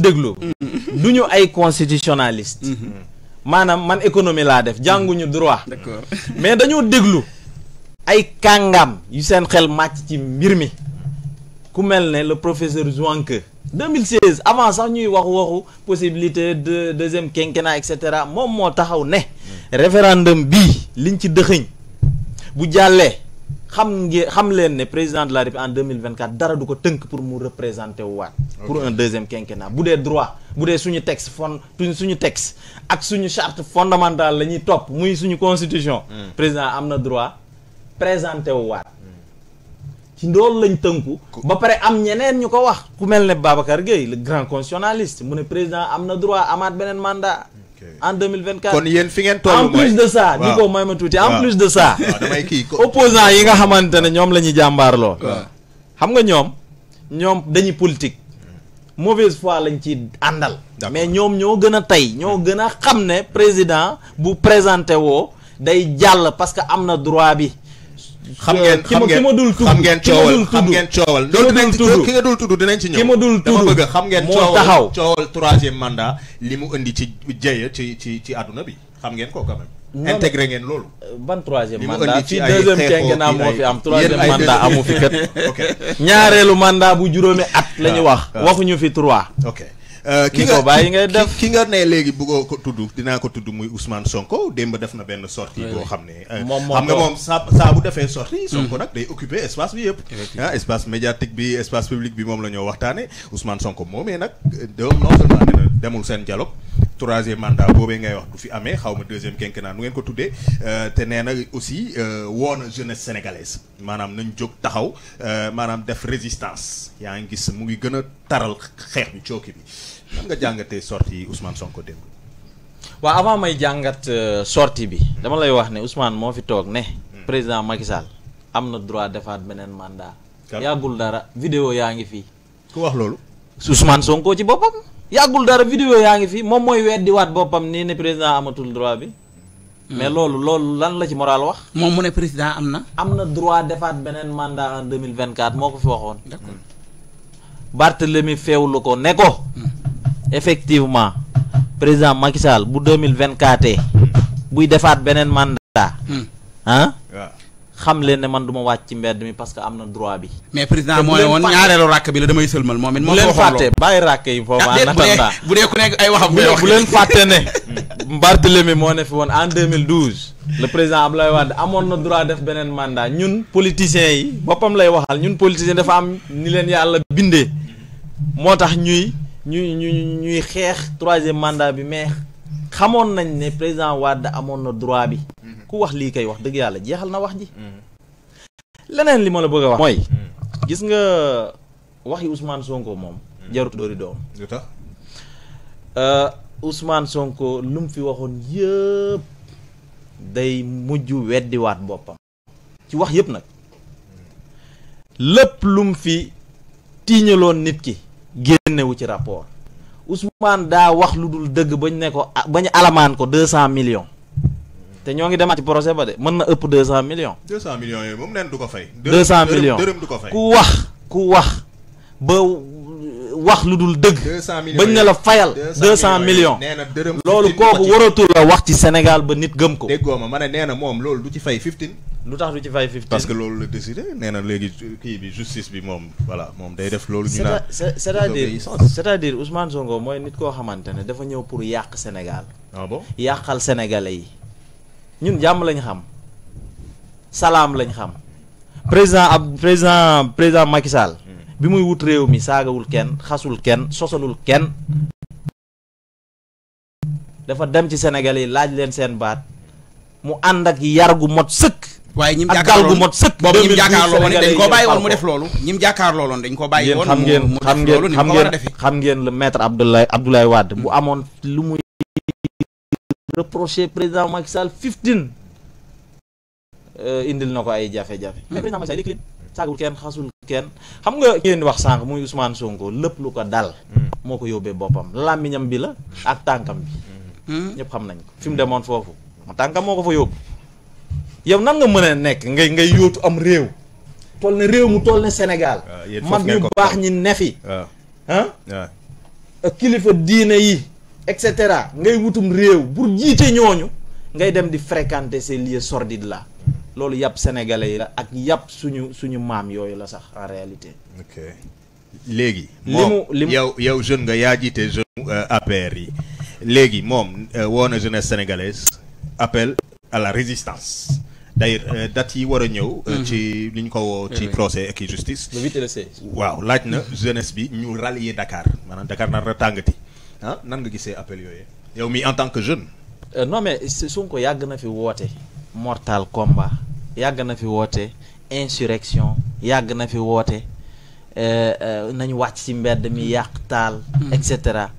déglu mm-hmm. du ñu ay constitutionnaliste mm-hmm. maanaam man économie laa def jànguñu mm-hmm. droit mais dañoo déglu ay kàngam yu seen xel màcc ci mbir mi ku mel ne le professeur Zouanke 2016 avant sax ñuy wax waxu possibilité de deuxième quinquennat et cetera moom moo taxaw ne mm. référendum bi liñ ci dëxëñ bu jàllee xam ngeen xam leen ne président de la République en 2024 dara du ko tënk pour mu représenter wu waat pour un deuxième quinquennat bu dee droit bu dee suñu texte fond suñu texte ak suñu charte fondamentale la ñuy topp muy suñu constitution hmm. président am na droit présenter wu waat ci loolu lañ tënku ba pare am ñeneen ñu ko wax ku mel ne Babacar Gueye le grand constitutionnaliste mu ne président am na droit amaat beneen mandat en 2024 kon yéen fi ngeen toll en plus de ça ni ko may ma tuuti en plus de ça damay kii opposant yi nga xamante ne ñoom la ñuy jàmbaarloo xam nga ñoom ñoom dañuy politique mauvaise fois lañ ci àndal mais ñoom ñoo gën a tey ñoo gën a xam ne président bu présenté woo day jàll parce que am na droit bi xam ngeen xam ngeen ki ma dul tudd xam ngeen coowal xam ngeen coowal loolu dinañ ci ki nga dul tudd dinañ ci ñëw ki ma dul tudd dama bëgg xam ngeen coowal taxaw coowal troisième mandat li mu indi ci jéeya ci ci ci àdduna bi xam ngeen ko quand même intégré ngeen loolu euh, ban troisième mandat ci deuxième quinquennat moo fi am troisième mandat amu fi kat ñaareelu mandat bu juróomi at la ñu ah, wax ah. waxuñu fi trois ok Euh, ki nga bàyyi ngay def ki nga ne léegi bëggoo ko tudd dinaa ko tudd muy Ousmane Sonko démb def na benn sortie boo xam ne euh, xam nga moom saa saa bu defee sortie mm. Sonko nag day occuper espace bi yëpp ah espace médiatique bi espace public bi moom la ñoo waxtaane Ousmane Sonko moomee nag euh, de non seulement demul seen dialogue troisième mandat boobee ngay wax du fi amee xaw ma deuxième quinquennat nu ngeen ko tuddee euh, te nee na aussi euh, woo na jeunesse sénégalaise maanaam nañ jóg taxaw euh, maanaam def résistance yaa ngi gis mu ngi gën a taral xeex bi cooki bi nan nga jàngatee sortie Ousmane Sonko démb. waa avant may jàngat sortie bi dama lay wax ne Ousmane moo fi toog ne. Hmm. président Macky am na droit defaat beneen mandat. yàggul dara vidéo yaa ngi fii. ku wax loolu. Ousmane Sonko ci boppam. yàggul dara vidéo yaa ngi fi moom mooy weddiwaat boppam ni ne président amatul droit bi. mais loolu loolu lan la ci moral wax. moom mu ne président am na. am na droit defaat beneen mandat en deux mille vingt quatre moo ko fi waxoon. d'accord Barthélemy feewlu ko ne ko. Hmm. effectivement président Macky Sall bu deux mille vingt quatre buy defaat beneen mandat. ah. xam ne man duma ma wàcc ci mbedd mi parce que amna droit bi. mais président moo ne woon ñaareelu bi la damay seulmal moom mo moo ko waxoon loolu bu leen yi foofu en attendant bu dee ku nek ay waxam. bu leen fàtte ne. Barthélemy mo ne fi won en 2012. le président ablaye wad amoon na droit def benen mandat ñun politiciens yi bopam lay waxal ñun politiciens dafa am ni len yalla bindé motax tax ñuy ñuy ñuy ñuy 3e mandat bi mais xamone nañ né président wad amoon na droit bi. ku wax li kay wax deug yalla jeexal na wax ji. Mm. leneen li mo la bëgg wax. moy mm. gis nga waxi Ousmane Sonko mom mm. jarut doori doom. euh Ousmane Sonko lum fi waxon yeb day weddi wat bopam ci wax yeb nak lepp lum fi tiiñaloon nit ki génnewu ci rapport Ousmane da wax lu deug bañ ne ko bañ alaman ko 200 millions. te ñoo ngi demaat ci projet ba de mën na ëpp deux cent millions. deux cent millions du ko fay. deux du ko fay. ku wax ba wax lu dul dëgg. deux cent millions bañ ne la fayal. deux cent millions nee na dërëm loolu kooku waratul la wax ci Sénégal ba nit gëm ko. déggoo ma ma ne nee na moom loolu du ci fay fifteen. lu tax du ci fay fifteen. parce que loolu la décidé nee na léegi kii bi justice bi moom voilà moom day def loolu. ñu naan c'est-à-dire c'est-à-dire Ousmane Sonko mooy nit koo xamante ne dafa ñëw pour yàq Sénégal. Ah yàqal sénégalais ñun jàmm lañu xam salaam lañ xam président ab président président Macky Sall bi muy wut réew mi saagawul kenn xasul kenn sosalul kenn dafa dem ci Sénégal yi laaj leen seen baat mu ànd ak yar gu mot sëkk waaye ñim jàkkaarloo mot sëkk boobu ñim jàkkaarloo woon dañ ko bàyyi woon mu def loolu ñim jàkkaarloo loon dañ ko bàyyi woon mu def loolu ni mu ko war a xam ngeen metre maître Abdoulaye Abdoulaye Wade bu amoon lu muy reproché président Macky Sall 15 euh, indil na ko ay jafe-jafe mais président Macky Sall li saagul kenn xasul kenn xam nga ki ngeen wax sànq muy Ousmane Sonko lépp lu ko dal hmm. moo ko yóbbee boppam làmmiñam bi la ak tànkam bi hmm. ñëpp xam nañ ko fi mu demoon foofu mu tànkam moo ko fa yóbbu yow nan nga mën a nekk nga ngay yóotu am réew toll ne réew mu toll ne senegal ah, mag ñu baax ñi nefi ah, ah? ah. kilifa diine yi et cetera ngay wutum réew pour jiite ñooñu ngay dem di fréquenter ces lieux sordide la loolu yàpp sénégalais yi la ak yàpp suñu suñu maam yooyu la sax en réalité. ok léegi. moom yow yow jeune nga yaa jiite jeune euh, APR yi léegi moom euh, woo na jeunesse sénégalaise appel à la résistance. d'ailleurs euh, date yi war a ñëw. Mm-hmm. ci li ñu ko woo ci procès ak justice. le le waaw laaj na jeunesse bi ñu rallier Dakar maanaam Dakar nar na tàngati. ah nan nga gisee appel yoyé yow mi en tant que jeune. Euh, non mais ko yag na fi woté mortal combat yag na fi woté insurrection yag na fi euh, euh, nañu wacc ci mbedd mi yàq taal. Mm. et cetera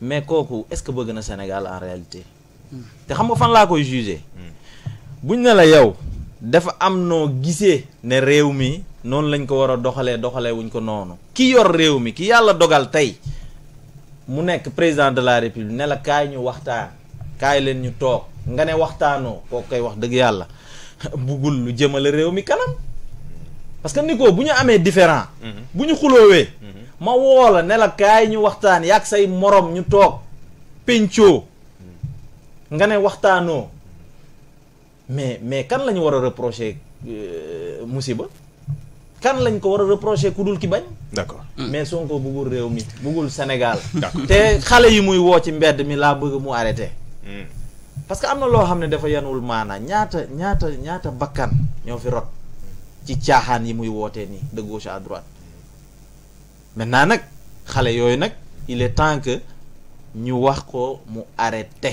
mais kooku est-ce que bëgg na Sénégal en réalité. Mm. té xam nga fan la koy juger. Mm. buñ ne la yow dafa am no gisee né réew mi non lañ ko wara doxalé doxalé wuñ ko noonu. ki yor réew mi ki yalla dogal tay mu nekk président de la république ne la kaay ñu waxtaan kaay leen ñu toog nga ne waxtaanoo kooku koy wax dëgg yàlla buggul lu jëmale réew mi kanam parce que Nico bu ñu amee différent mhm. bu ñu xuloowee mhm. ma woola ne kaay ñu waxtaan yaag say morom ñu toog pencoo nga ne waxtaanoo mais mais kan la ñu war a reprocher euh, musiba kan lañ ko war a reprocher ku ki bañ. d'accord hmm. mais Sonko réew mi Sénégal. te xale yi muy woo ci mbedd mi bëgg mu arrêté. Hmm. parce que am na ne dafa yanul ñaata ñaata ñaata bakkan rot ci yi muy de gauche à droite maintenant il est temps que ñu wax ko arrêté.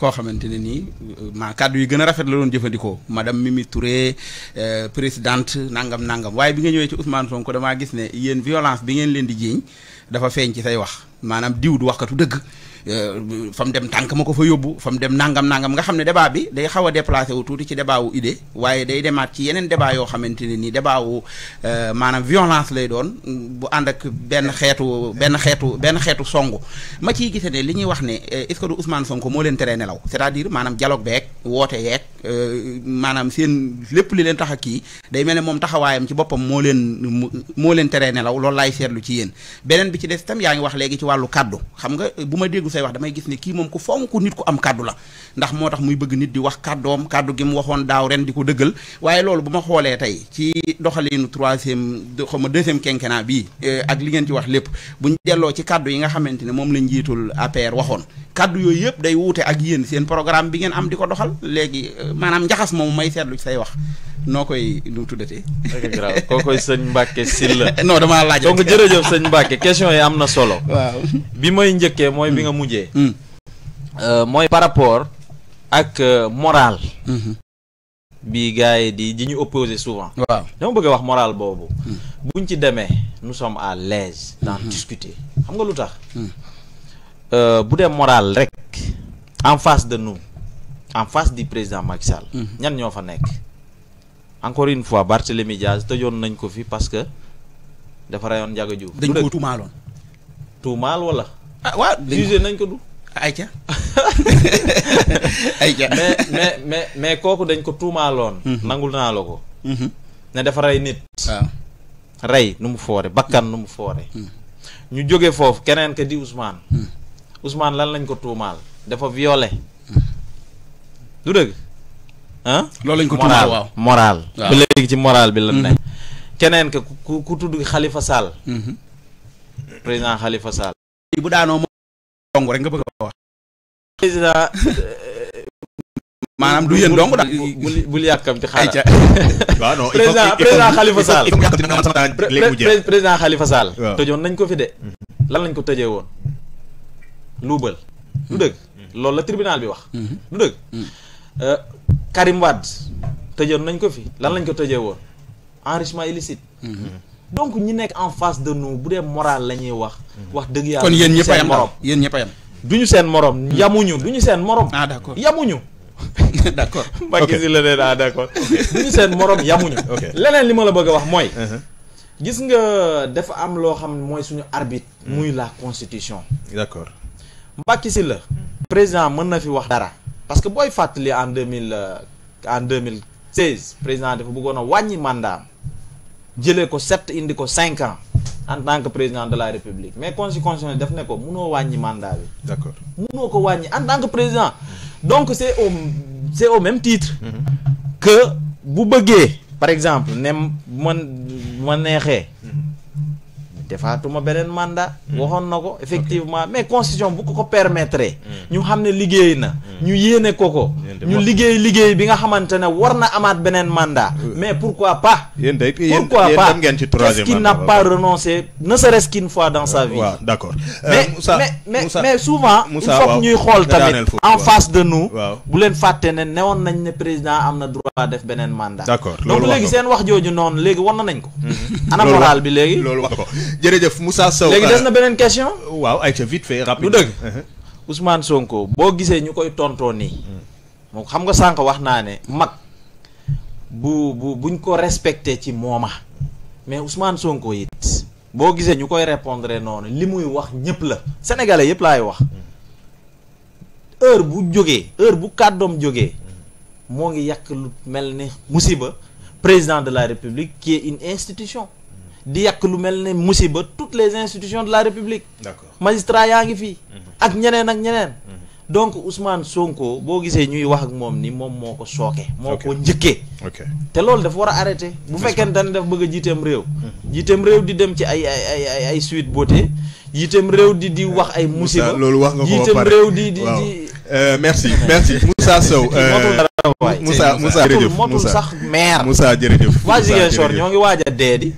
koo xamante ne nii maa kàddu yi gën a rafet la doon jëfandikoo madame Mimi Touré euh, présidente nangam nangam waaye bi nga ñëwee ci Ousmane Sonko damaa gis ne yéen violence bi ngeen leen di jiiñ dafa feeñ ci say wax maanaam diw du waxkatu dëgg Euh, fa mu dem tànk ma ko fa yóbbu fa mu dem nangam nangam nga xam ne débat bi day xaw a déplacé wu tuuti ci débat wu idée waaye day demaat ci yeneen débat yoo xamante ne nii débat wu euh, maanaam violence lay doon bu ànd ak benn xeetu benn xeetu benn xeetu songu ma ciy gise ne li ñuy wax ne euh, est-ce que du Ousmane moo leen tere nelaw c'est-à-dire maanaam dialogue beeg woote yeeg Euh, maanaam seen lépp li leen tax a kii day mel ne moom taxawaayam ci boppam moo leen moo leen teree nelaw loolu laay seetlu ci yéen beneen bi ci des itam yaa ngi wax léegi ci wàllu kàddu xam nga bu ma déggu say wax damay gis ne kii moom ku fonk nit ku am kàddu la ndax moo tax muy bëgg nit di wax kàddoom kàddu gi mu waxoon daaw ren di ko dëggal waaye loolu bu ma xoolee tey ci doxalinu troisième xaw ma deuxième quinquennat bii euh, ak li ngeen ci wax lépp buñ delloo ci kàddu yi nga xamante ne moom la njiitul APR waxoon kàddu yooyu yëpp day wuute ak yéen seen bi ngeen am di ko doxal léegi euh, manam njaxas mom may seetlu say wax nokoy koy nu mu tuddatee. dëgg koy sëñ Mbacke Sylla. non dama laj donc jërëjëf seigne Mbacke question yi amna solo. waaw bi may njëkkee moy bi nga mujjé mm. mm. euh moy par rapport ak euh, moral. Mm-hmm. bi gars yi di di ñu opposé souvent. waaw dama bëgg wax moral bobu mm. buñ ci démé nous sommes à l'aise d'en mm-hmm. discuter xam nga lutax euh bu dé moral rek en face de nous. en face di président Macky Sall. Mhm. ñan ñoo fa nekk. encore une fois Barthélémy Diaz tëjoon nañ ko fi parce que dafa rayoon Ndiaga Diouf. dañ ko tuumaaloon. tuumaal wala. ah waaw jugé nañ ko du. ay ayca mais mais mais kooku dañ ko tuumaaloon. Mhm. nangul naa la ko. Mhm. ne dafa rey nit. waaw ah. rey nu mu foore bakkan nu mu foore. ñu jóge foofu keneen ka di Ousmane. Ousmane lan lañ ko tuumaal dafa violé. du dëgg ah. loolu lañ ko tuumal waaw moral ba moral bi la mhm. ne. keneen ka ku ku tudd Khalifa Sall. Mhm. président Khalifa Sall. bu daanoo rek nga bëgg a maanaam du yéen dong daal bul bul yàkkamti xaaral. waaw non président président Khalifa Sall. président Khalifa Sall. tëjoon nañ ko fi de. lan lañ ko tëjee woon. luubal. du dëgg. Mhm. loolu la tribunal bi wax. du dëgg. Euh, Karim Wade tëjoon nañ ko fi lan lañ ko tëjee woon enrichissement illicite. Mhm. donc ñi nekk en face de nous bu dee moral la ñuy wax. Mhm. wax dëgg yàlla yéen ñëpp a yem yéen ñëpp yem. du ñu seen morom. yamuñu du ñu seen morom. ah d' accord yamuñu. accord Macky si la nee seen morom yamuñu. leneen li ma la bëgg a wax mooy. Uh-huh. gis nga dafa am loo xam mooy suñu arbitre. Mm. muy la constitution. d' accord si la. président mën na fi wax dara. parce que boy fatali en 2000 euh, en 2016 président de a un mandat jëlé ko 7 indi 5 ans en tant que président de la république mais constitutionnel def né ko mëno un mandat d'accord mëno ko mandat en tant que président donc c'est au même titre mm-hmm. que bu par exemple né man defaatuma mm. beneen mandat. Mm. waxoon na ko effectivement mais constitution bu ko ko permettre. Mm. ñu xam ne liggéey na. ñu yéene ko ko. ñu liggéey liggéey bi nga xamante ne war na amaat beneen mandat. Euh, mais pourquoi pas. pourquoi pas est-ce qu'il n'a pas renoncé ne serait-ce qu'une fois dans sa vie. d'accord euh, mais mais mais souvent. il faut ñuy xool tamit en face de nous. bu leen fàtte ne newoon nañ ne président am na droit def beneen mandat. d'accord donc léegi seen wax jooju noonu léegi war nañ ko. Mm-hmm. ana moral bi léegi jërëjëf Moussa Sow léegi des na beneen question. waaw ayca vite fait rapide. lu dëgg uh-huh. Ousmane Sonko boo gisee ñu koy tontoo nii. Hmm. moom xam nga sànq wax naa ne mag bu bu buñ ko respecté ci mooma mais Ousmane Sonko it boo gisee ñu koy répondre noonu li muy wax ñëpp la sénégalais yëpp laay wax hmm. heure bu jógee heure bu kàddoom jógee moo ngi yàq lu mel ne musiba président de la république qui est une institution. di yàq lu mel ne musiba toutes les institutions de la république. d'accord magistrat yaa ngi fii. Mhm. ak ñeneen ak ñeneen. Mhm. donc Ousmane Sonko boo gisee ñuy wax ak moom ni moom moo ko sooke. moo ko njëkkee. te loolu dafa war a arrêté. bu fekkente ne daf bëgg a jiiteem réew. Mhm. jiiteem réew di dem ci ay ay ay ay suite beauté jiiteem réew di di wax ay. musiba loolu wax nga ko jiiteem réew di di di. Euh, merci merci Moussa Sow. Euh, Moussa Moussa jërëjëf motul sax maire. Moussa jërëjëf. waa Ziguinchor ñoo ngi waaj a di.